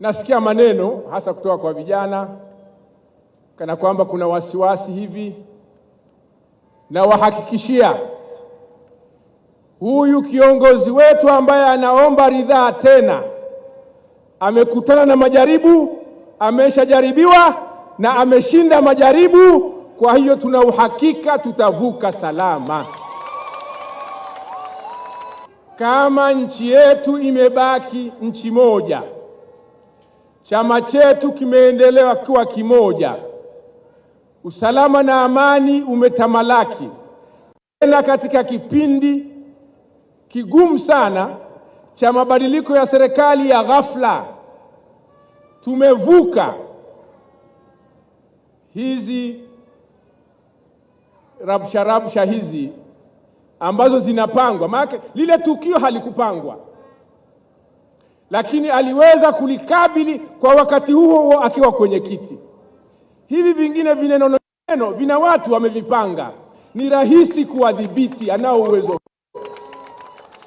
Nasikia maneno hasa kutoka kwa vijana kana kwamba kuna wasiwasi hivi, na wahakikishia huyu kiongozi wetu ambaye anaomba ridhaa tena amekutana na majaribu, ameshajaribiwa na ameshinda majaribu. Kwa hiyo tuna uhakika tutavuka salama. Kama nchi yetu imebaki nchi moja Chama chetu kimeendelewa kuwa kimoja, usalama na amani umetamalaki tena katika kipindi kigumu sana cha mabadiliko ya serikali ya ghafla. Tumevuka hizi rabsharabsha hizi ambazo zinapangwa, maana lile tukio halikupangwa lakini aliweza kulikabili kwa wakati huo huo akiwa kwenye kiti. Hivi vingine vineno neno vina watu wamevipanga, ni rahisi kuwadhibiti, anao uwezo.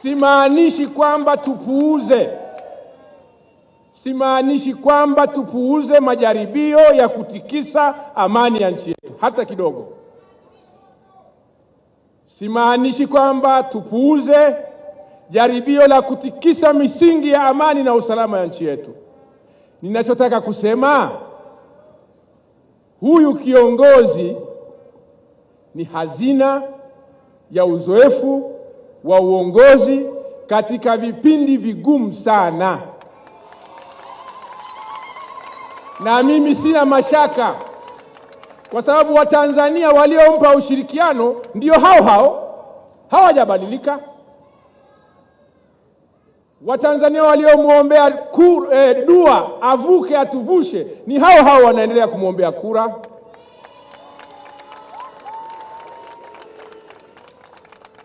Simaanishi kwamba tupuuze, simaanishi kwamba tupuuze majaribio ya kutikisa amani ya nchi yetu hata kidogo. Simaanishi kwamba tupuuze jaribio la kutikisa misingi ya amani na usalama ya nchi yetu. Ninachotaka kusema huyu kiongozi ni hazina ya uzoefu wa uongozi katika vipindi vigumu sana, na mimi sina mashaka, kwa sababu Watanzania waliompa ushirikiano ndio hao hao, hawajabadilika. Watanzania waliomwombea eh, dua avuke atuvushe ni hao hao wanaendelea kumwombea kura.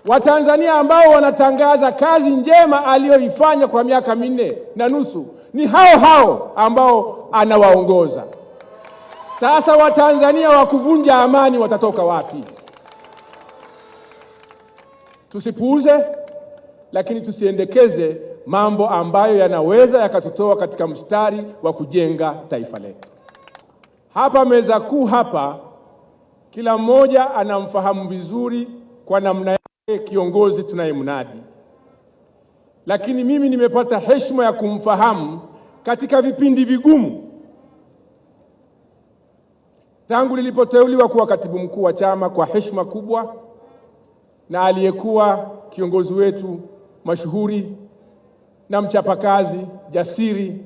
Watanzania ambao wanatangaza kazi njema aliyoifanya kwa miaka minne na nusu ni hao hao ambao anawaongoza sasa. Watanzania wa kuvunja amani watatoka wapi? Tusipuuze, lakini tusiendekeze mambo ambayo yanaweza yakatutoa katika mstari wa kujenga taifa letu. Hapa meza kuu hapa, kila mmoja anamfahamu vizuri kwa namna yake kiongozi tunayemnadi, lakini mimi nimepata heshima ya kumfahamu katika vipindi vigumu tangu nilipoteuliwa kuwa katibu mkuu wa chama kwa heshima kubwa na aliyekuwa kiongozi wetu mashuhuri na mchapakazi jasiri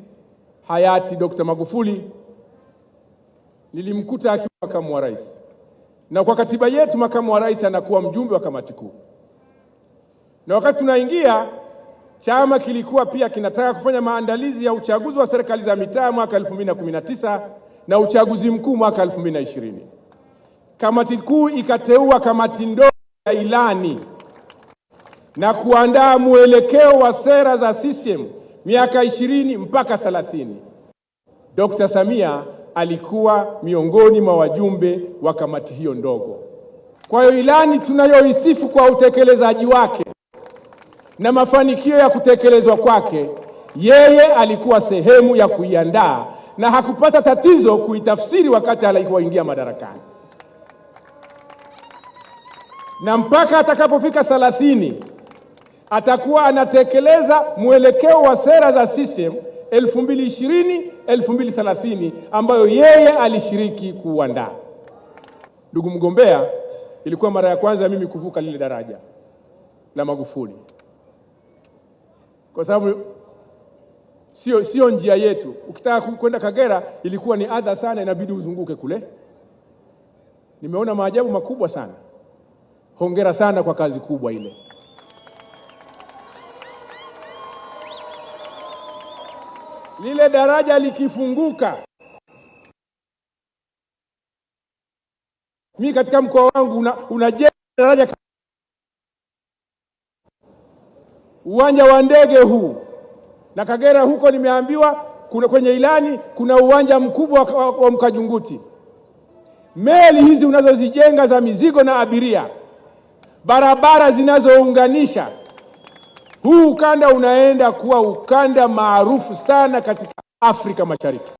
hayati Dr. Magufuli. Nilimkuta akiwa makamu wa rais, na kwa katiba yetu makamu wa rais anakuwa mjumbe wa kamati kuu, na wakati tunaingia chama kilikuwa pia kinataka kufanya maandalizi ya uchaguzi wa serikali za mitaa mwaka 2019 na uchaguzi mkuu mwaka 2020. Kamati kuu ikateua kamati ndogo ya ilani na kuandaa mwelekeo wa sera za CCM miaka ishirini mpaka thelathini. Dr. Samia alikuwa miongoni mwa wajumbe wa kamati hiyo ndogo. Kwa hiyo ilani tunayoisifu kwa utekelezaji wake na mafanikio ya kutekelezwa kwake, yeye alikuwa sehemu ya kuiandaa na hakupata tatizo kuitafsiri wakati alipoingia madarakani na mpaka atakapofika thelathini atakuwa anatekeleza mwelekeo wa sera za CCM 2020 2030 ambayo yeye alishiriki kuuandaa. Ndugu mgombea, ilikuwa mara ya kwanza mimi kuvuka lile daraja la Magufuli, kwa sababu sio sio njia yetu. Ukitaka kwenda Kagera ilikuwa ni adha sana, inabidi uzunguke kule. Nimeona maajabu makubwa sana. Hongera sana kwa kazi kubwa ile. lile daraja likifunguka, mi katika mkoa wangu unajenga una daraja uwanja wa ndege huu na Kagera huko, nimeambiwa kuna kwenye ilani kuna uwanja mkubwa wa, wa Mkajunguti. Meli hizi unazozijenga za mizigo na abiria, barabara zinazounganisha huu ukanda unaenda kuwa ukanda maarufu sana katika Afrika Mashariki.